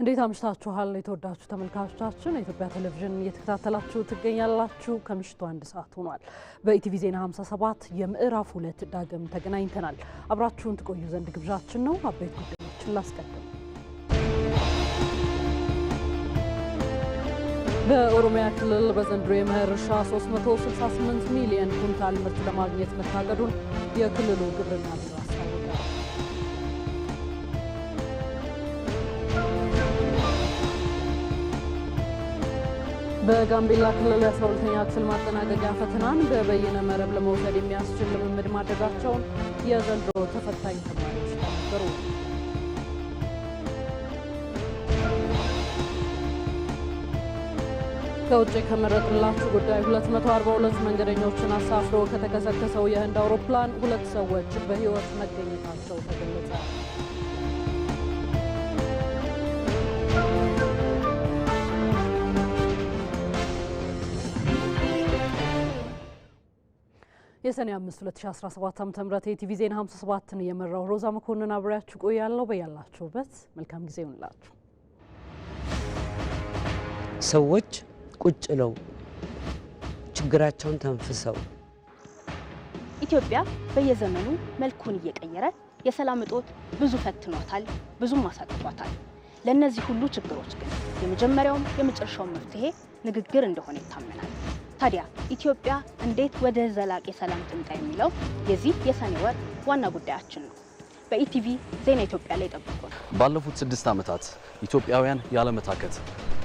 እንዴት አምሽታችኋል? የተወዳችሁ ተመልካቾቻችን የኢትዮጵያ ቴሌቪዥን እየተከታተላችሁ ትገኛላችሁ። ከምሽቱ አንድ ሰዓት ሆኗል። በኢቲቪ ዜና 57 የምዕራፍ ሁለት ዳግም ተገናኝተናል። አብራችሁን ትቆዩ ዘንድ ግብዣችን ነው። አበይት ጉዳዮችን ላስቀድም። በኦሮሚያ ክልል በዘንድሮ የመኸር እርሻ 368 ሚሊዮን ኩንታል ምርት ለማግኘት መታቀዱን የክልሉ ግብርና በጋምቤላ ክልል የአስራ ሁለተኛ ክፍል ማጠናቀቂያ ፈተናን በበይነ መረብ ለመውሰድ የሚያስችል ልምምድ ማድረጋቸውን የዘንድሮ ተፈታኝ ተማሪዎች ተናገሩ። ከውጭ ከመረጥንላችሁ ጉዳይ 242 መንገደኞችን አሳፍሮ ከተከሰከሰው የህንድ አውሮፕላን ሁለት ሰዎች በህይወት መገኘታቸው ተገለጸ። የሰኔ 5 2017 ዓ.ም የቲቪ ዜና 57ን የመራው ሮዛ መኮንን አብሬያችሁ ቆያለሁ። በያላችሁበት መልካም ጊዜ ይሁንላችሁ። ሰዎች ቁጭ ለው ችግራቸውን ተንፍሰው ኢትዮጵያ በየዘመኑ መልኩን እየቀየረ የሰላም እጦት ብዙ ፈትኗታል፣ ብዙም አሳጥቷታል። ለእነዚህ ሁሉ ችግሮች ግን የመጀመሪያውም የመጨረሻውን መፍትሄ ንግግር እንደሆነ ይታመናል። ታዲያ ኢትዮጵያ እንዴት ወደ ዘላቂ ሰላም ትምጣ የሚለው የዚህ የሰኔ ወር ዋና ጉዳያችን ነው። በኢቲቪ ዜና ኢትዮጵያ ላይ ጠብቁ። ባለፉት ስድስት ዓመታት ኢትዮጵያውያን ያለመታከት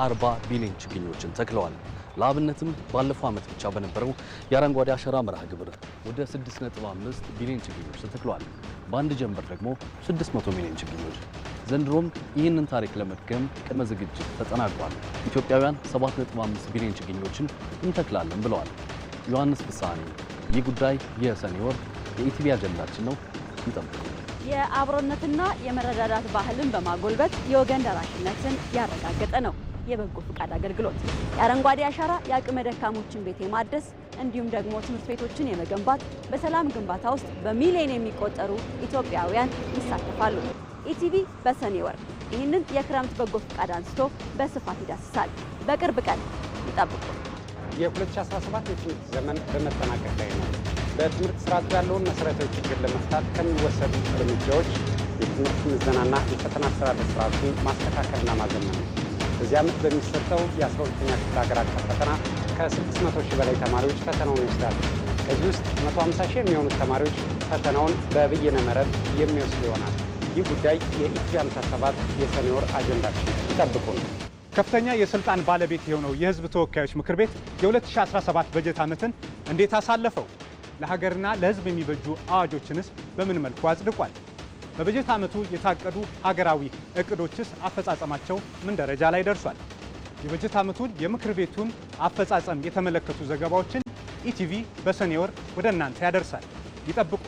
አርባ ቢሊዮን ችግኞችን ተክለዋል። ለአብነትም ባለፈው ዓመት ብቻ በነበረው የአረንጓዴ አሸራ መርሃ ግብር ወደ 6.5 ቢሊዮን ችግኞች ተተክለዋል። በአንድ ጀንበር ደግሞ 600 ሚሊዮን ችግኞች ዘንድሮም ይህንን ታሪክ ለመድገም ቅድመ ዝግጅት ተጠናቋል። ኢትዮጵያውያን 7.5 ቢሊዮን ችግኞችን እንተክላለን ብለዋል። ዮሐንስ ፍሳኔ። ይህ ጉዳይ የሰኔ ወር የኢቲቪ አጀንዳችን ነው። ይጠብቁ። የአብሮነትና የመረዳዳት ባህልን በማጎልበት የወገን ደራሽነትን ያረጋገጠ ነው የበጎ ፍቃድ አገልግሎት የአረንጓዴ አሻራ የአቅመ ደካሞችን ቤት የማደስ እንዲሁም ደግሞ ትምህርት ቤቶችን የመገንባት በሰላም ግንባታ ውስጥ በሚሊዮን የሚቆጠሩ ኢትዮጵያውያን ይሳተፋሉ። ኢቲቪ በሰኔ ወር ይህንን የክረምት በጎ ፈቃድ አንስቶ በስፋት ይዳስሳል። በቅርብ ቀን ይጠብቁ። የ2017 የትምህርት ዘመን በመጠናቀቅ ላይ ነው። በትምህርት ስርዓቱ ያለውን መሰረታዊ ችግር ለመፍታት ከሚወሰዱ እርምጃዎች የትምህርት ምዘናና የፈተና አስተዳደር ስርዓቱን ማስተካከልና ማዘመን ነው። በዚህ ዓመት በሚሰጠው የ12ኛ ክፍል ሀገር አቀፍ ፈተና ከ600 ሺህ በላይ ተማሪዎች ፈተናውን ይወስዳሉ። ከዚህ ውስጥ 150 ሺህ የሚሆኑት ተማሪዎች ፈተናውን በብይነ መረብ የሚወስዱ ይሆናል። ይህ ጉዳይ የኢቲ 57 የሰኔ አጀንዳችን ይጠብቁ ነው። ከፍተኛ የስልጣን ባለቤት የሆነው የህዝብ ተወካዮች ምክር ቤት የ2017 በጀት ዓመትን እንዴት አሳለፈው? ለሀገርና ለህዝብ የሚበጁ አዋጆችንስ በምን መልኩ አጽድቋል? በበጀት ዓመቱ የታቀዱ ሀገራዊ እቅዶችስ አፈጻጸማቸው ምን ደረጃ ላይ ደርሷል? የበጀት ዓመቱን የምክር ቤቱን አፈጻጸም የተመለከቱ ዘገባዎችን ኢቲቪ በሰኔ ወር ወደ እናንተ ያደርሳል። ይጠብቁ።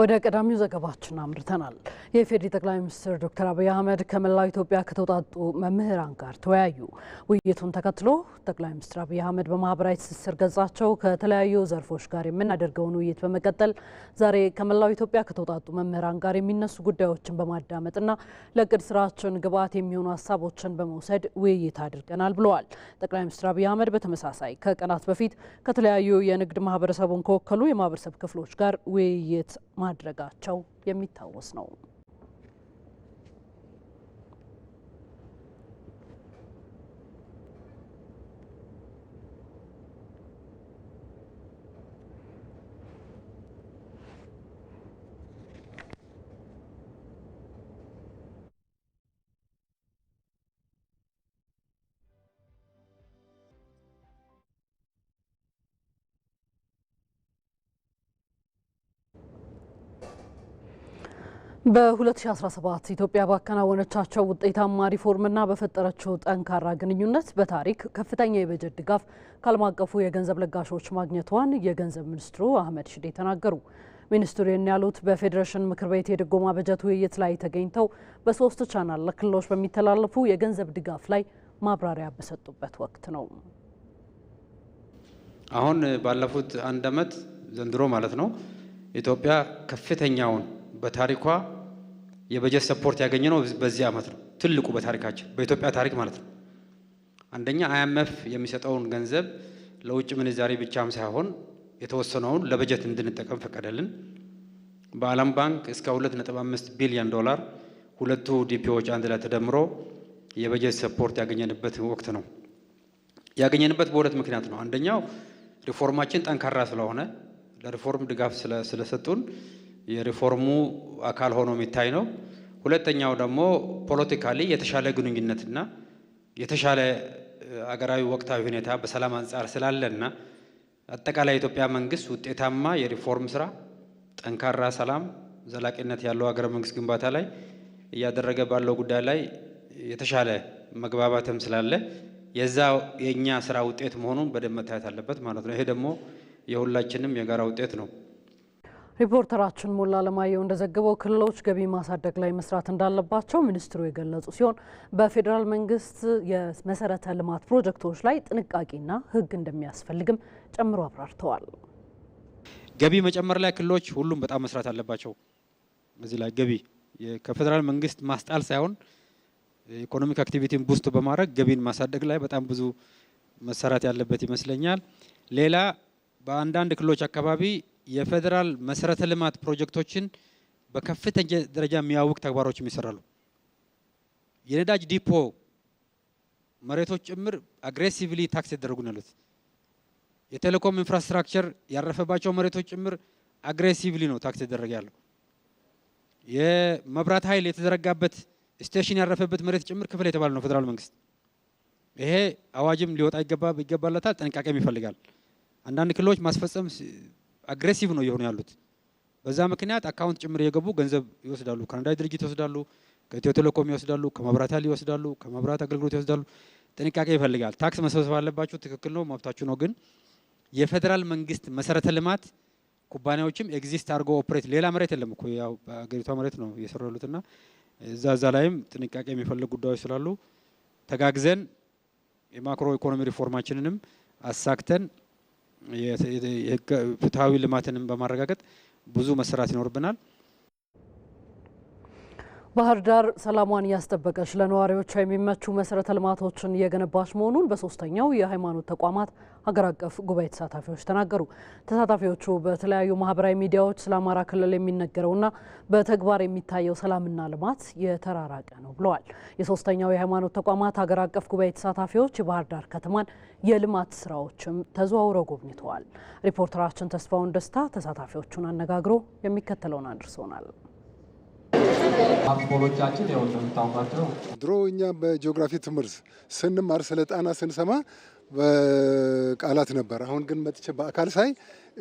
ወደ ቀዳሚው ዘገባችን አምርተናል። የፌዴሪ ጠቅላይ ሚኒስትር ዶክተር አብይ አህመድ ከመላው ኢትዮጵያ ከተውጣጡ መምህራን ጋር ተወያዩ። ውይይቱን ተከትሎ ጠቅላይ ሚኒስትር አብይ አህመድ በማህበራዊ ትስስር ገጻቸው ከተለያዩ ዘርፎች ጋር የምናደርገውን ውይይት በመቀጠል ዛሬ ከመላው ኢትዮጵያ ከተውጣጡ መምህራን ጋር የሚነሱ ጉዳዮችን በማዳመጥና ለእቅድ ስራችን ግብዓት የሚሆኑ ሀሳቦችን በመውሰድ ውይይት አድርገናል ብለዋል። ጠቅላይ ሚኒስትር አብይ አህመድ በተመሳሳይ ከቀናት በፊት ከተለያዩ የንግድ ማህበረሰቡን ከወከሉ የማህበረሰብ ክፍሎች ጋር ውይይት ማድረጋቸው የሚታወስ ነው። በ2017 ኢትዮጵያ ባከናወነቻቸው ውጤታማ ሪፎርምና በፈጠረችው ጠንካራ ግንኙነት በታሪክ ከፍተኛ የበጀት ድጋፍ ከዓለም አቀፉ የገንዘብ ለጋሾች ማግኘቷን የገንዘብ ሚኒስትሩ አህመድ ሽዴ ተናገሩ። ሚኒስትሩ ይህን ያሉት በፌዴሬሽን ምክር ቤት የድጎማ በጀት ውይይት ላይ ተገኝተው በሶስት ቻናል ለክልሎች በሚተላለፉ የገንዘብ ድጋፍ ላይ ማብራሪያ በሰጡበት ወቅት ነው። አሁን ባለፉት አንድ ዓመት ዘንድሮ ማለት ነው ኢትዮጵያ ከፍተኛውን በታሪኳ የበጀት ሰፖርት ያገኘ ነው በዚህ ዓመት ነው። ትልቁ በታሪካችን በኢትዮጵያ ታሪክ ማለት ነው። አንደኛ አይምፍ የሚሰጠውን ገንዘብ ለውጭ ምንዛሬ ብቻም ሳይሆን የተወሰነውን ለበጀት እንድንጠቀም ፈቀደልን። በአለም ባንክ እስከ 2.5 ቢሊዮን ዶላር ሁለቱ ዲፒዎች አንድ ላይ ተደምሮ የበጀት ሰፖርት ያገኘንበት ወቅት ነው። ያገኘንበት በሁለት ምክንያት ነው። አንደኛው ሪፎርማችን ጠንካራ ስለሆነ ለሪፎርም ድጋፍ ስለሰጡን የሪፎርሙ አካል ሆኖ የሚታይ ነው። ሁለተኛው ደግሞ ፖለቲካሊ የተሻለ ግንኙነትና የተሻለ አገራዊ ወቅታዊ ሁኔታ በሰላም አንጻር ስላለና አጠቃላይ የኢትዮጵያ መንግስት ውጤታማ የሪፎርም ስራ፣ ጠንካራ ሰላም፣ ዘላቂነት ያለው ሀገረ መንግስት ግንባታ ላይ እያደረገ ባለው ጉዳይ ላይ የተሻለ መግባባትም ስላለ የዛ የእኛ ስራ ውጤት መሆኑን በደንብ መታየት አለበት ማለት ነው። ይሄ ደግሞ የሁላችንም የጋራ ውጤት ነው። ሪፖርተራችን ሞላ አለማየሁ እንደዘገበው ክልሎች ገቢ ማሳደግ ላይ መስራት እንዳለባቸው ሚኒስትሩ የገለጹ ሲሆን በፌዴራል መንግስት የመሰረተ ልማት ፕሮጀክቶች ላይ ጥንቃቄና ሕግ እንደሚያስፈልግም ጨምሮ አብራርተዋል። ገቢ መጨመር ላይ ክልሎች ሁሉም በጣም መስራት አለባቸው። እዚህ ላይ ገቢ ከፌዴራል መንግስት ማስጣል ሳይሆን ኢኮኖሚክ አክቲቪቲን ቡስት በማድረግ ገቢን ማሳደግ ላይ በጣም ብዙ መሰራት ያለበት ይመስለኛል። ሌላ በአንዳንድ ክልሎች አካባቢ የፌዴራል መሰረተ ልማት ፕሮጀክቶችን በከፍተኛ ደረጃ የሚያውቅ ተግባሮች ይሰራሉ። የነዳጅ ዲፖ መሬቶች ጭምር አግሬሲቭሊ ታክስ የተደረጉ ነው ያሉት። የቴሌኮም ኢንፍራስትራክቸር ያረፈባቸው መሬቶች ጭምር አግሬሲቭሊ ነው ታክስ የተደረገ ያለው። የመብራት ኃይል የተዘረጋበት ስቴሽን ያረፈበት መሬት ጭምር ክፍል የተባለ ነው ፌዴራል መንግስት። ይሄ አዋጅም ሊወጣ ይገባለታል፣ ጥንቃቄም ይፈልጋል። አንዳንድ ክልሎች ማስፈጸም አግሬሲቭ ነው እየሆኑ ያሉት። በዛ ምክንያት አካውንት ጭምር እየገቡ ገንዘብ ይወስዳሉ። ከነዳጅ ድርጅት ይወስዳሉ፣ ከኢትዮ ቴሌኮም ይወስዳሉ፣ ከመብራት ኃይል ይወስዳሉ፣ ከመብራት አገልግሎት ይወስዳሉ። ጥንቃቄ ይፈልጋል። ታክስ መሰብሰብ አለባችሁ። ትክክል ነው፣ መብታችሁ ነው። ግን የፌዴራል መንግስት መሰረተ ልማት ኩባንያዎችም ኤግዚስት አድርጎ ኦፕሬት ሌላ መሬት የለም እኮ ያው በሀገሪቷ መሬት ነው እየሰሩ ያሉትና እዛ እዛ ላይም ጥንቃቄ የሚፈልግ ጉዳዮች ስላሉ ተጋግዘን የማክሮ ኢኮኖሚ ሪፎርማችንንም አሳክተን ፍትሐዊ ልማትንም በማረጋገጥ ብዙ መሰራት ይኖርብናል። ባህር ዳር ሰላሟን እያስጠበቀች ለነዋሪዎቿ የሚመቹ መሰረተ ልማቶችን እየገነባች መሆኑን በሶስተኛው የሃይማኖት ተቋማት ሀገር አቀፍ ጉባኤ ተሳታፊዎች ተናገሩ። ተሳታፊዎቹ በተለያዩ ማህበራዊ ሚዲያዎች ስለ አማራ ክልል የሚነገረውና በተግባር የሚታየው ሰላምና ልማት የተራራቀ ነው ብለዋል። የሶስተኛው የሃይማኖት ተቋማት ሀገር አቀፍ ጉባኤ ተሳታፊዎች የባህር ዳር ከተማን የልማት ስራዎችም ተዘዋውረው ጎብኝተዋል። ሪፖርተራችን ተስፋውን ደስታ ተሳታፊዎቹን አነጋግሮ የሚከተለውን አድርሶናል። አስኮሎቻችን ያው እንደምታውቋቸው ድሮ እኛ በጂኦግራፊ ትምህርት ስንማር ስለ ጣና ስንሰማ በቃላት ነበር። አሁን ግን መጥቼ በአካል ሳይ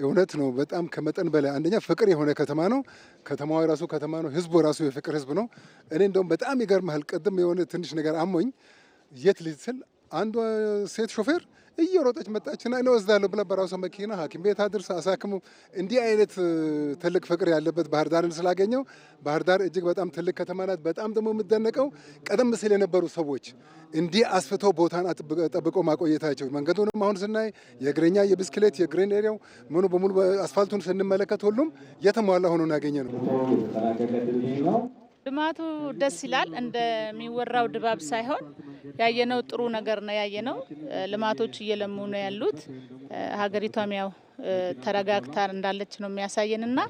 እውነት ነው። በጣም ከመጠን በላይ አንደኛ ፍቅር የሆነ ከተማ ነው። ከተማዋ የራሱ ከተማ ነው። ህዝቡ ራሱ የፍቅር ህዝብ ነው። እኔ እንደውም በጣም ይገርምሃል፣ ቅድም የሆነ ትንሽ ነገር አሞኝ የት ልጅ አንዷ ሴት ሾፌር እየሮጠች መጣችና እኔ ወስዳለሁ ብላ ሰው መኪና ሐኪም ቤት አድርስ አሳክሙ። እንዲህ አይነት ትልቅ ፍቅር ያለበት ባህር ዳርን ስላገኘው ባህር ዳር እጅግ በጣም ትልቅ ከተማ ናት። በጣም ደግሞ የምደነቀው ቀደም ሲል የነበሩ ሰዎች እንዲህ አስፍተው ቦታን ጠብቆ ማቆየታቸው። መንገዱንም አሁን ስናይ የእግረኛ የብስክሌት የግሬን ኤሪያው ምኑ በሙሉ አስፋልቱን ስንመለከት ሁሉም የተሟላ ሆኖ እናገኘ ነው። ልማቱ ደስ ይላል። እንደሚወራው ድባብ ሳይሆን ያየነው ጥሩ ነገር ነው ያየነው። ልማቶች እየለሙ ነው ያሉት። ሀገሪቷም ያው ተረጋግታ እንዳለች ነው ና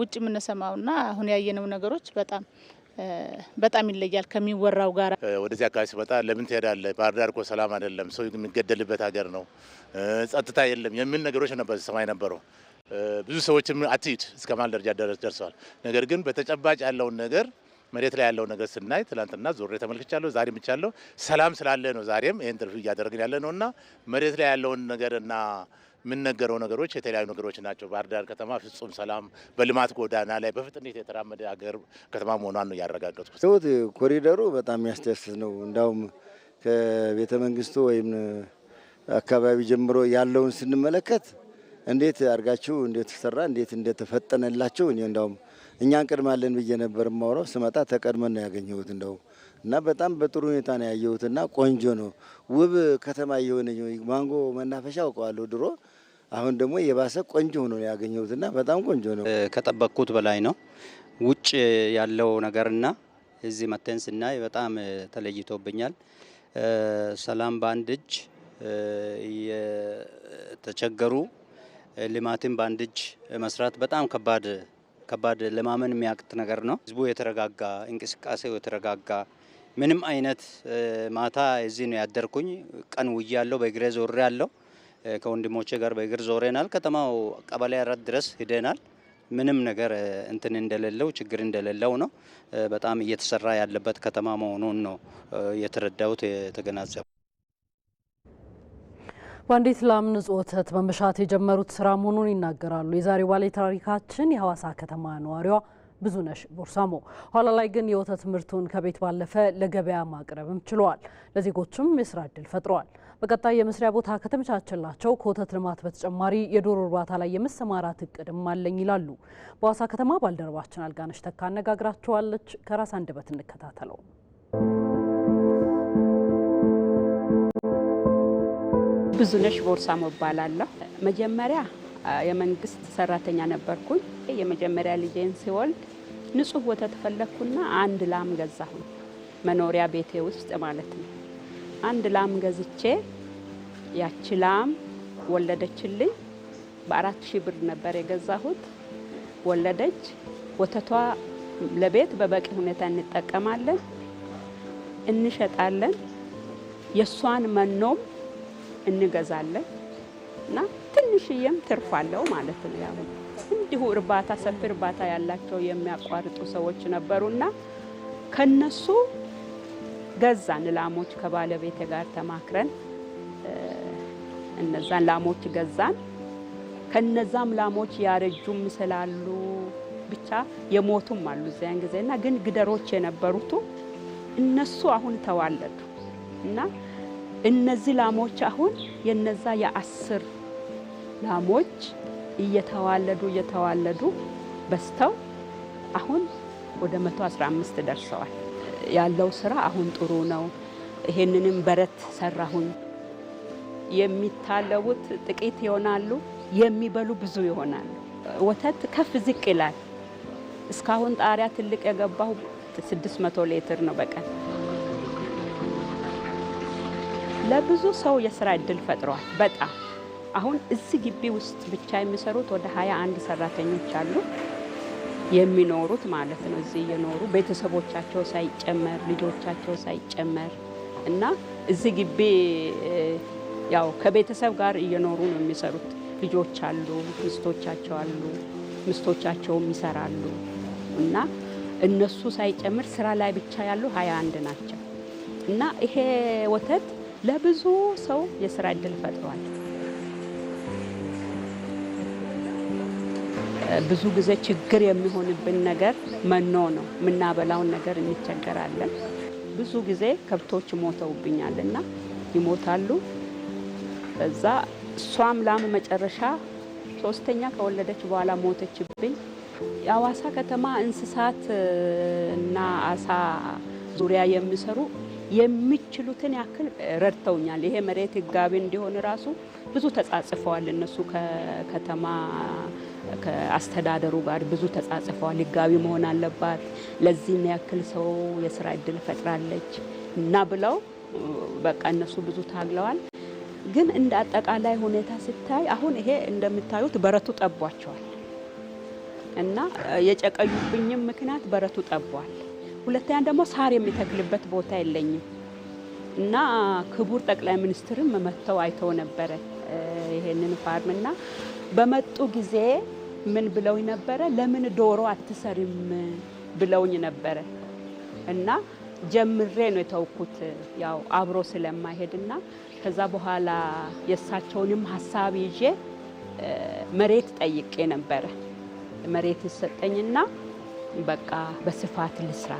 ውጭ የምንሰማውና አሁን ያየነው ነገሮች በጣም በጣም ይለያል ከሚወራው ጋር። ወደዚህ አካባቢ ስመጣ ለምን ትሄዳለህ? ባህር ዳር እኮ ሰላም አይደለም፣ ሰው የሚገደልበት ሀገር ነው፣ ጸጥታ የለም የሚል ነገሮች ነበር ሰማይ ነበረው ብዙ ሰዎችም አትሂድ እስከ ማል ደረጃ ደርሰዋል። ነገር ግን በተጨባጭ ያለውን ነገር መሬት ላይ ያለው ነገር ስናይ ትላንትና ዞሬ ተመልክቻለሁ፣ ዛሬም ብቻለሁ። ሰላም ስላለ ነው ዛሬም ይህን ኢንተርቪው እያደረግን ያለ ነው እና መሬት ላይ ያለውን ነገር እና የምንነገረው ነገሮች የተለያዩ ነገሮች ናቸው። ባህር ዳር ከተማ ፍጹም ሰላም በልማት ጎዳና ላይ በፍጥነት የተራመደ ሀገር ከተማ መሆኗን ነው ያረጋገጥኩት። ሰውት ኮሪደሩ በጣም የሚያስደስት ነው። እንዳውም ከቤተ መንግስቱ ወይም አካባቢ ጀምሮ ያለውን ስንመለከት እንዴት አድርጋችሁ ተሰራ እንዴት እንደተፈጠነላችሁ እኔ እንደውም እኛ እንቀድማለን ብዬ ነበር የማወራው። ስመጣ ተቀድመን ነው ያገኘሁት እንደው እና በጣም በጥሩ ሁኔታ ነው ያየሁትና ቆንጆ ነው፣ ውብ ከተማ እየሆነ ማንጎ መናፈሻ አውቀዋለሁ ድሮ፣ አሁን ደግሞ የባሰ ቆንጆ ሆኖ ነው ያገኘሁትና በጣም ቆንጆ ነው። ከጠበቅኩት በላይ ነው ውጭ ያለው ነገርና እዚህ መተን ስናይ በጣም ተለይቶብኛል። ሰላም በአንድ እጅ የተቸገሩ ልማትን በአንድ እጅ መስራት በጣም ከባድ ከባድ ለማመን የሚያቅት ነገር ነው። ህዝቡ የተረጋጋ እንቅስቃሴው የተረጋጋ ምንም አይነት ማታ እዚህ ነው ያደርኩኝ። ቀን ውዬ ያለው በእግሬ ዞሬ ያለው ከወንድሞቼ ጋር በእግር ዞሬናል። ከተማው ቀበሌ አራት ድረስ ሂደናል። ምንም ነገር እንትን እንደሌለው ችግር እንደሌለው ነው። በጣም እየተሰራ ያለበት ከተማ መሆኑን ነው የተረዳሁት የተገናዘበ በአንዲት ላም ንጹህ ወተት በመሻት የጀመሩት ስራ መሆኑን ይናገራሉ። የዛሬ ባለ ታሪካችን የሐዋሳ ከተማ ነዋሪዋ ብዙነሽ ቦርሳሞ። ኋላ ላይ ግን የወተት ምርቱን ከቤት ባለፈ ለገበያ ማቅረብም ችለዋል። ለዜጎችም የስራ እድል ፈጥረዋል። በቀጣይ የመስሪያ ቦታ ከተመቻቸላቸው ከወተት ልማት በተጨማሪ የዶሮ እርባታ ላይ የመሰማራት እቅድም አለኝ ይላሉ። በሐዋሳ ከተማ ባልደረባችን አልጋነሽ ተካ አነጋግራቸዋለች። ከራስ አንደበት እንከታተለው። ብዙነሽ መባል እባላለሁ። መጀመሪያ የመንግስት ሰራተኛ ነበርኩኝ። የመጀመሪያ ልጄን ሲወልድ ንጹህ ወተት ፈለግኩና አንድ ላም ገዛሁ፣ መኖሪያ ቤቴ ውስጥ ማለት ነው። አንድ ላም ገዝቼ ያቺ ላም ወለደችልኝ። በአራት ሺህ ብር ነበር የገዛሁት። ወለደች። ወተቷ ለቤት በበቂ ሁኔታ እንጠቀማለን፣ እንሸጣለን። የእሷን መኖም እንገዛለን እና ትንሽዬም ትርፍ አለው ማለት ነው። ያው እንዲሁ እርባታ ሰፊ እርባታ ያላቸው የሚያቋርጡ ሰዎች ነበሩና ከነሱ ገዛን ላሞች ከባለቤት ጋር ተማክረን እነዛን ላሞች ገዛን። ከነዛም ላሞች ያረጁም ስላሉ ብቻ የሞቱም አሉ እዚያን እና ግን ግደሮች የነበሩቱ እነሱ አሁን ተዋለዱ እና እነዚህ ላሞች አሁን የነዛ የአስር ላሞች እየተዋለዱ እየተዋለዱ በዝተው አሁን ወደ 115 ደርሰዋል። ያለው ስራ አሁን ጥሩ ነው። ይሄንንም በረት ሰራሁኝ። የሚታለቡት ጥቂት ይሆናሉ፣ የሚበሉ ብዙ ይሆናሉ። ወተት ከፍ ዝቅ ይላል። እስካሁን ጣሪያ ትልቅ የገባው 600 ሊትር ነው በቀን ለብዙ ሰው የስራ እድል ፈጥሯል። በጣም አሁን እዚህ ግቢ ውስጥ ብቻ የሚሰሩት ወደ ሀያ አንድ ሰራተኞች አሉ የሚኖሩት ማለት ነው። እዚህ እየኖሩ ቤተሰቦቻቸው ሳይጨመር ልጆቻቸው ሳይጨመር እና እዚህ ግቢ ያው ከቤተሰብ ጋር እየኖሩ ነው የሚሰሩት። ልጆች አሉ፣ ምስቶቻቸው አሉ፣ ምስቶቻቸውም ይሰራሉ እና እነሱ ሳይጨምር ስራ ላይ ብቻ ያሉ ሀያ አንድ ናቸው እና ይሄ ወተት ለብዙ ሰው የስራ እድል ፈጥሯል። ብዙ ጊዜ ችግር የሚሆንብን ነገር መኖ ነው። የምናበላውን ነገር እንቸገራለን። ብዙ ጊዜ ከብቶች ሞተውብኛል እና ይሞታሉ። እዛ እሷም ላም መጨረሻ ሶስተኛ ከወለደች በኋላ ሞተችብኝ። የአዋሳ ከተማ እንስሳት እና አሳ ዙሪያ የሚሰሩ የሚችሉትን ያክል ረድተውኛል። ይሄ መሬት ህጋዊ እንዲሆን ራሱ ብዙ ተጻጽፈዋል። እነሱ ከከተማ ከአስተዳደሩ ጋር ብዙ ተጻጽፈዋል። ህጋዊ መሆን አለባት፣ ለዚህ ያክል ሰው የስራ እድል ፈጥራለች እና ብለው በቃ እነሱ ብዙ ታግለዋል። ግን እንደ አጠቃላይ ሁኔታ ሲታይ አሁን ይሄ እንደምታዩት በረቱ ጠቧቸዋል እና የጨቀዩብኝም ምክንያት በረቱ ጠቧል። ሁለተኛ ደግሞ ሳር የሚተክልበት ቦታ የለኝም እና ክቡር ጠቅላይ ሚኒስትርም መጥተው አይተው ነበረ ይሄንን ፋርም እና በመጡ ጊዜ ምን ብለውኝ ነበረ? ለምን ዶሮ አትሰሪም ብለውኝ ነበረ እና ጀምሬ ነው የተውኩት ያው አብሮ ስለማይሄድና ከዛ በኋላ የእሳቸውንም ሀሳብ ይዤ መሬት ጠይቄ ነበረ። መሬት ይሰጠኝና በቃ በስፋት ልስራ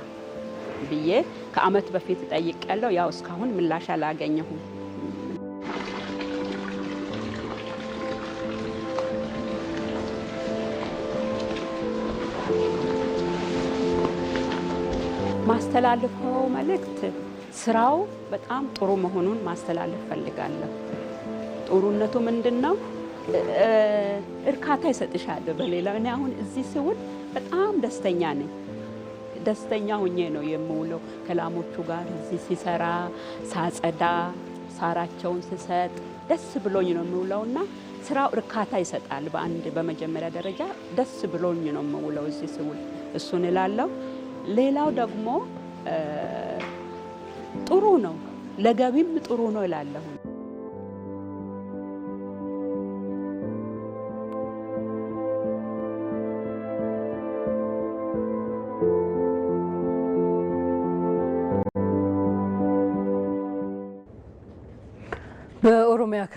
ብዬ ከአመት በፊት ያለው ያው እስካሁን ምላሽ አላገኘሁም። ማስተላልፈው መልእክት ስራው በጣም ጥሩ መሆኑን ማስተላለፍ ፈልጋለሁ። ጥሩነቱ ምንድን ነው? እርካታ ይሰጥሻለሁ። በሌላ እኔ አሁን እዚህ ስውል በጣም ደስተኛ ነኝ። ደስተኛ ሁኜ ነው የምውለው። ከላሞቹ ጋር እዚህ ሲሰራ ሳጸዳ፣ ሳራቸውን ስሰጥ ደስ ብሎኝ ነው የምውለውና ስራው እርካታ ይሰጣል። በአንድ በመጀመሪያ ደረጃ ደስ ብሎኝ ነው የምውለው እዚህ ስውል፣ እሱን እላለሁ። ሌላው ደግሞ ጥሩ ነው ለገቢም ጥሩ ነው እላለሁ።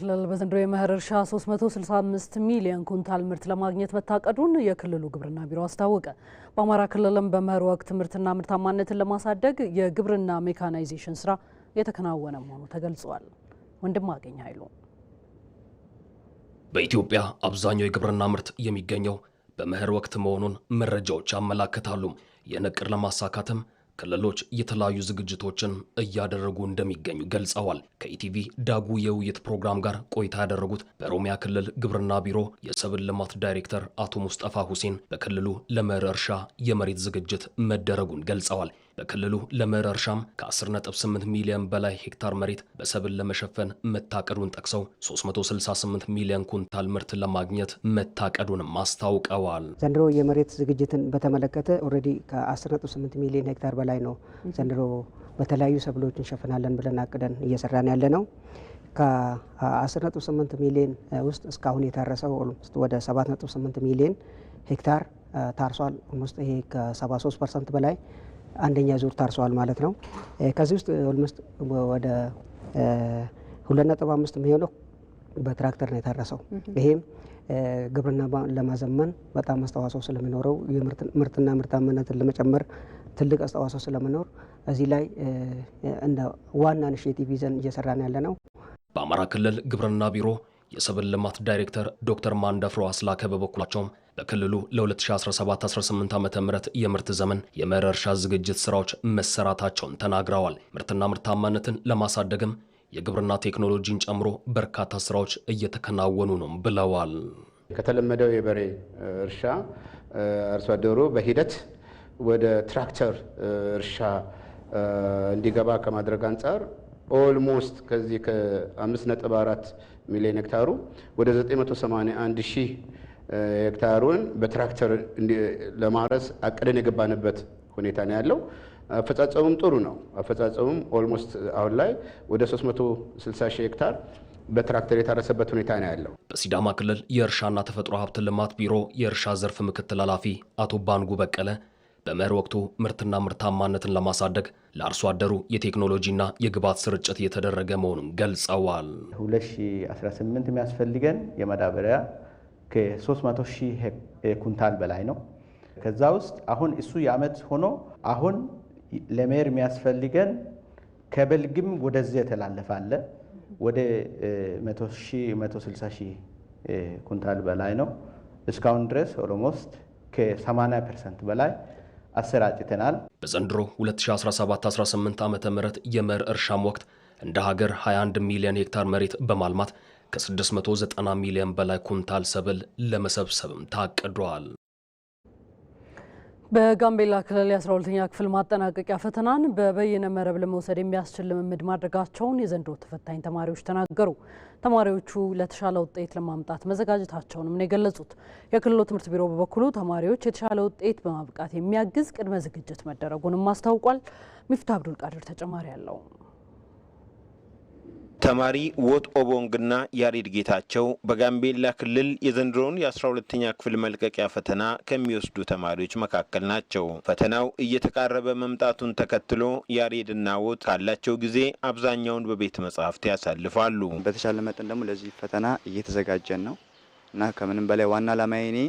ክልል በዘንድሮ የመኸር እርሻ 365 ሚሊዮን ኩንታል ምርት ለማግኘት መታቀዱን የክልሉ ግብርና ቢሮ አስታወቀ። በአማራ ክልልም በመኸር ወቅት ምርትና ምርታማነትን ለማሳደግ የግብርና ሜካናይዜሽን ስራ የተከናወነ መሆኑ ተገልጿል። ወንድም አገኝ ኃይሉ በኢትዮጵያ አብዛኛው የግብርና ምርት የሚገኘው በመኸር ወቅት መሆኑን መረጃዎች ያመላክታሉ። ይህን ለማሳካትም ክልሎች የተለያዩ ዝግጅቶችን እያደረጉ እንደሚገኙ ገልጸዋል። ከኢቲቪ ዳጉ የውይይት ፕሮግራም ጋር ቆይታ ያደረጉት በኦሮሚያ ክልል ግብርና ቢሮ የሰብል ልማት ዳይሬክተር አቶ ሙስጠፋ ሁሴን በክልሉ ለመኸር እርሻ የመሬት ዝግጅት መደረጉን ገልጸዋል። በክልሉ ለመኸር እርሻም ከ10.8 ሚሊዮን በላይ ሄክታር መሬት በሰብል ለመሸፈን መታቀዱን ጠቅሰው 368 ሚሊዮን ኩንታል ምርት ለማግኘት መታቀዱንም አስታውቀዋል። ዘንድሮ የመሬት ዝግጅትን በተመለከተ ኦልሬዲ ከ10.8 ሚሊዮን ሄክታር በላይ ነው ዘንድሮ በተለያዩ ሰብሎች እንሸፍናለን ብለን አቅደን እየሰራን ያለ ነው። ከ18 ሚሊዮን ውስጥ እስካሁን የታረሰው ወደ 7.8 ሚሊዮን ሄክታር ታርሷል። ውስጥ ይሄ ከ73 ፐርሰንት በላይ አንደኛ ዙር ታርሰዋል ማለት ነው። ከዚህ ውስጥ ኦልሞስት ወደ ሁለት ነጥብ አምስት የሚሆነው በትራክተር ነው የታረሰው። ይሄም ግብርና ለማዘመን በጣም አስተዋጽኦ ስለሚኖረው ምርትና ምርታማነትን ለመጨመር ትልቅ አስተዋጽኦ ስለሚኖር እዚህ ላይ እንደ ዋና ኢኒሽቲቭ ይዘን እየሰራን ያለ ነው። በአማራ ክልል ግብርና ቢሮ የሰብል ልማት ዳይሬክተር ዶክተር ማንደፍሮ አስላከ በበኩላቸውም በክልሉ ለ2017-18 ዓ ም የምርት ዘመን የመኸር እርሻ ዝግጅት ስራዎች መሰራታቸውን ተናግረዋል። ምርትና ምርታማነትን ለማሳደግም የግብርና ቴክኖሎጂን ጨምሮ በርካታ ስራዎች እየተከናወኑ ነው ብለዋል። ከተለመደው የበሬ እርሻ አርሶ አደሩ በሂደት ወደ ትራክተር እርሻ እንዲገባ ከማድረግ አንጻር ኦልሞስት ከዚህ ከ5.4 ሚሊዮን ሄክታሩ ወደ 981 ሺህ ሄክታሩን በትራክተር ለማረስ አቅደን የገባንበት ሁኔታ ነው ያለው። አፈጻጸሙም ጥሩ ነው። አፈጻጸሙም ኦልሞስት አሁን ላይ ወደ 360 ሺህ ሄክታር በትራክተር የታረሰበት ሁኔታ ነው ያለው። በሲዳማ ክልል የእርሻና ተፈጥሮ ሀብት ልማት ቢሮ የእርሻ ዘርፍ ምክትል ኃላፊ አቶ ባንጉ በቀለ በመኸር ወቅቱ ምርትና ምርታማነትን ለማሳደግ ለአርሶ አደሩ የቴክኖሎጂና የግብዓት ስርጭት እየተደረገ መሆኑን ገልጸዋል። 2018 የሚያስፈልገን የማዳበሪያ ከ300 ሺህ ኩንታል በላይ ነው። ከዛ ውስጥ አሁን እሱ የዓመት ሆኖ አሁን ለመኸር የሚያስፈልገን ከበልግም ወደዚህ አለ ወደ 160 ሺህ ኩንታል በላይ ነው። እስካሁን ድረስ ኦሎሞስት ከ80 ፐርሰንት በላይ አሰራጭተናል። በዘንድሮ 2017-18 ዓ ም የመኸር እርሻም ወቅት እንደ ሀገር 21 ሚሊዮን ሄክታር መሬት በማልማት ከ690 ሚሊዮን በላይ ኩንታል ሰብል ለመሰብሰብም ታቅዷል። በጋምቤላ ክልል የ12ኛ ክፍል ማጠናቀቂያ ፈተናን በበይነ መረብ ለመውሰድ የሚያስችል ልምምድ ማድረጋቸውን የዘንድሮ ተፈታኝ ተማሪዎች ተናገሩ። ተማሪዎቹ ለተሻለ ውጤት ለማምጣት መዘጋጀታቸውንም ነው የገለጹት። የክልሉ ትምህርት ቢሮ በበኩሉ ተማሪዎች የተሻለ ውጤት በማብቃት የሚያግዝ ቅድመ ዝግጅት መደረጉንም አስታውቋል። ሚፍታ አብዱል ቃድር ተጨማሪ አለው። ተማሪ ወጥ ኦቦንግና ያሬድ ጌታቸው በጋምቤላ ክልል የዘንድሮውን የአስራ ሁለተኛ ክፍል መልቀቂያ ፈተና ከሚወስዱ ተማሪዎች መካከል ናቸው። ፈተናው እየተቃረበ መምጣቱን ተከትሎ ያሬድና ወጥ ካላቸው ጊዜ አብዛኛውን በቤተ መጽሐፍት ያሳልፋሉ። በተቻለ መጠን ደግሞ ለዚህ ፈተና እየተዘጋጀን ነው እና ከምንም በላይ ዋና ዓላማዬ እኔ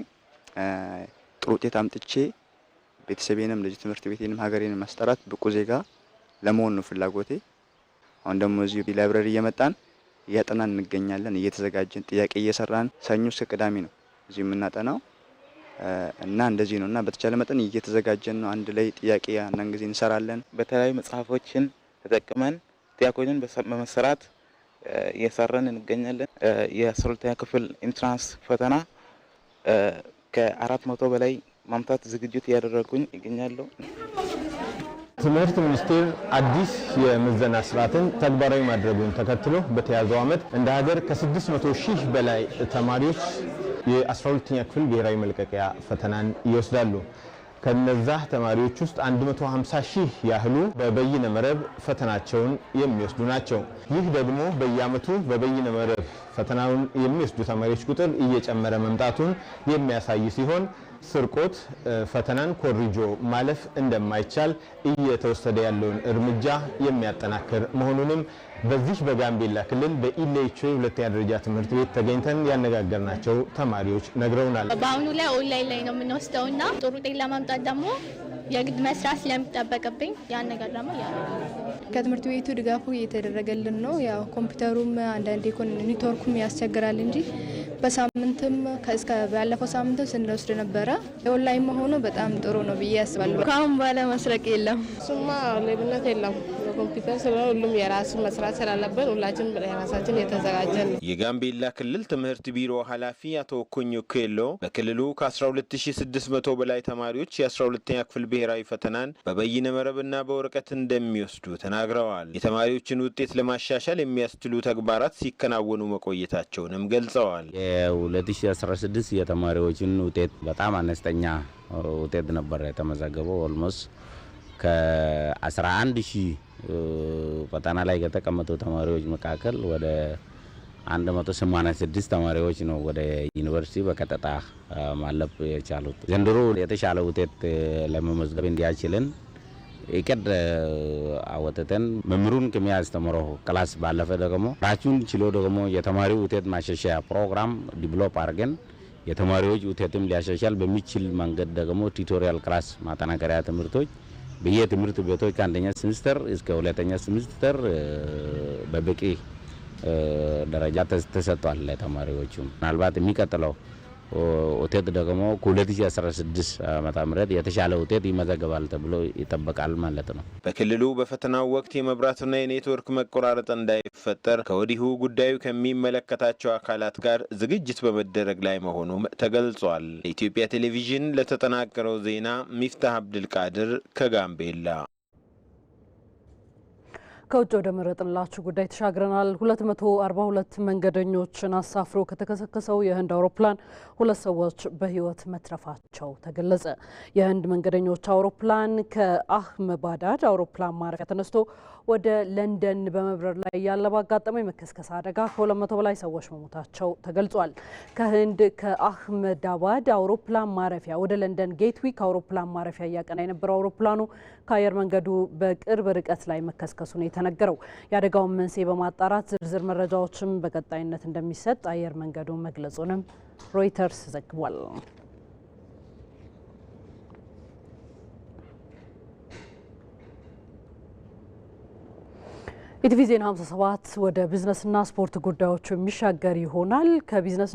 ጥሩ ውጤት አምጥቼ ቤተሰቤንም ልጅ ትምህርት ቤቴንም ሀገሬንም ማስጠራት ብቁ ዜጋ ለመሆን ነው ፍላጎቴ። አሁን ደግሞ እዚሁ ላይብረሪ እየመጣን እያጠናን እንገኛለን። እየተዘጋጀን ጥያቄ እየሰራን ሰኞ እስከ ቅዳሜ ነው እዚሁ የምናጠናው እና እንደዚህ ነው እና በተቻለ መጠን እየተዘጋጀን ነው። አንድ ላይ ጥያቄ አንዳንድ ጊዜ እንሰራለን። በተለያዩ መጽሐፎችን ተጠቅመን ጥያቄዎችን በመሰራት እየሰራን እንገኛለን። የአስራ ክፍል ኢንትራንስ ፈተና ከአራት መቶ በላይ ማምጣት ዝግጅት እያደረጉኝ ይገኛለሁ። ትምህርት ሚኒስቴር አዲስ የምዘና ስርዓትን ተግባራዊ ማድረጉን ተከትሎ በተያዘው ዓመት እንደ ሀገር ከ600 ሺህ በላይ ተማሪዎች የ12ኛ ክፍል ብሔራዊ መልቀቂያ ፈተናን ይወስዳሉ። ከነዛ ተማሪዎች ውስጥ 150 ሺህ ያህሉ በበይነ መረብ ፈተናቸውን የሚወስዱ ናቸው። ይህ ደግሞ በየአመቱ በበይነ መረብ ፈተናውን የሚወስዱ ተማሪዎች ቁጥር እየጨመረ መምጣቱን የሚያሳይ ሲሆን ስርቆት፣ ፈተናን ኮሪጆ ማለፍ እንደማይቻል እየተወሰደ ያለውን እርምጃ የሚያጠናክር መሆኑንም በዚህ በጋምቤላ ክልል በኢሌቾ የሁለተኛ ደረጃ ትምህርት ቤት ተገኝተን ያነጋገርናቸው ተማሪዎች ነግረውናል። በአሁኑ ላይ ኦንላይን ላይ ነው የምንወስደው እና ጥሩ ውጤት ለማምጣት ደግሞ የግድ መስራት ስለሚጠበቅብኝ ያነጋገርማ ከትምህርት ቤቱ ድጋፉ እየተደረገልን ነው። ያው ኮምፒውተሩም አንዳንዴ ኔትወርኩም ያስቸግራል እንጂ በሳምንትም እስከ ባለፈው ሳምንትም ስንወስድ ነበረ። ኦንላይን መሆኑ በጣም ጥሩ ነው ብዬ ያስባለሁ። ከአሁን በኋላ መስረቅ የለም፣ ሱማ ሌብነት የለም። ኮምፒውተር ስለሆነ ሁሉም የራሱ መስራት ስላለብን ሁላችን የራሳችን የተዘጋጀ ነው። የጋምቤላ ክልል ትምህርት ቢሮ ኃላፊ አቶ ኮኞ ኬሎ በክልሉ ከ12600 በላይ ተማሪዎች የ12ኛ ክፍል ብሔራዊ ፈተናን በበይነ መረብና በወረቀት እንደሚወስዱ ተናግረዋል። የተማሪዎችን ውጤት ለማሻሻል የሚያስችሉ ተግባራት ሲከናወኑ መቆየታቸውንም ገልጸዋል። የ2016 የተማሪዎችን ውጤት በጣም አነስተኛ ውጤት ነበር የተመዘገበው ኦልሞስት ከ11 ሺህ ፈተና ላይ ከተቀመጡ ተማሪዎች መካከል ወደ 186 ተማሪዎች ነው ወደ ዩኒቨርሲቲ በቀጥታ ማለፍ የቻሉት። ዘንድሮ የተሻለ ውጤት ለመመዝገብ እንዲያችልን እቅድ አወጥተን መምህሩን ከሚያስተምረው ክላስ ባለፈ ደግሞ ራሱን ችሎ ደግሞ የተማሪው ውጤት ማሻሻያ ፕሮግራም ዲቨሎፕ አድርገን የተማሪዎች ውጤትም ሊያሻሻል በሚችል መንገድ ደግሞ ቱቶሪያል ክላስ ማጠናከሪያ ትምህርቶች በየትምህርት ቤቶች ከአንደኛ ስምስተር እስከ ሁለተኛ ስምስተር በበቂ ደረጃ ተሰጥቷል ለተማሪዎቹ። ምናልባት የሚቀጥለው ውጤት ደግሞ ከ2016 ዓ ም የተሻለ ውጤት ይመዘገባል ተብሎ ይጠበቃል ማለት ነው። በክልሉ በፈተናው ወቅት የመብራትና የኔትወርክ መቆራረጥ እንዳይፈጠር ከወዲሁ ጉዳዩ ከሚመለከታቸው አካላት ጋር ዝግጅት በመደረግ ላይ መሆኑም ተገልጿል። ለኢትዮጵያ ቴሌቪዥን ለተጠናቀረው ዜና ሚፍታህ አብድልቃድር ከጋምቤላ ከውጭ ወደ መረጥንላችሁ ጉዳይ ተሻግረናል። 242 መንገደኞችን አሳፍሮ ከተከሰከሰው የህንድ አውሮፕላን ሁለት ሰዎች በህይወት መትረፋቸው ተገለጸ። የህንድ መንገደኞች አውሮፕላን ከአህመባዳድ አውሮፕላን ማረፊያ ተነስቶ ወደ ለንደን በመብረር ላይ ያለ ባጋጠመው የመከስከስ አደጋ ከ200 በላይ ሰዎች መሞታቸው ተገልጿል። ከህንድ ከአህመዳባድ አውሮፕላን ማረፊያ ወደ ለንደን ጌትዊክ አውሮፕላን ማረፊያ እያቀና የነበረው አውሮፕላኑ ከአየር መንገዱ በቅርብ ርቀት ላይ መከስከሱ ነው የተነገረው። የአደጋውን መንስኤ በማጣራት ዝርዝር መረጃዎችም በቀጣይነት እንደሚሰጥ አየር መንገዱ መግለጹንም ሮይተርስ ዘግቧል። ኢቲቪ ዜና 57 ወደ ቢዝነስና ስፖርት ጉዳዮች የሚሻገር ይሆናል። ከቢዝነስ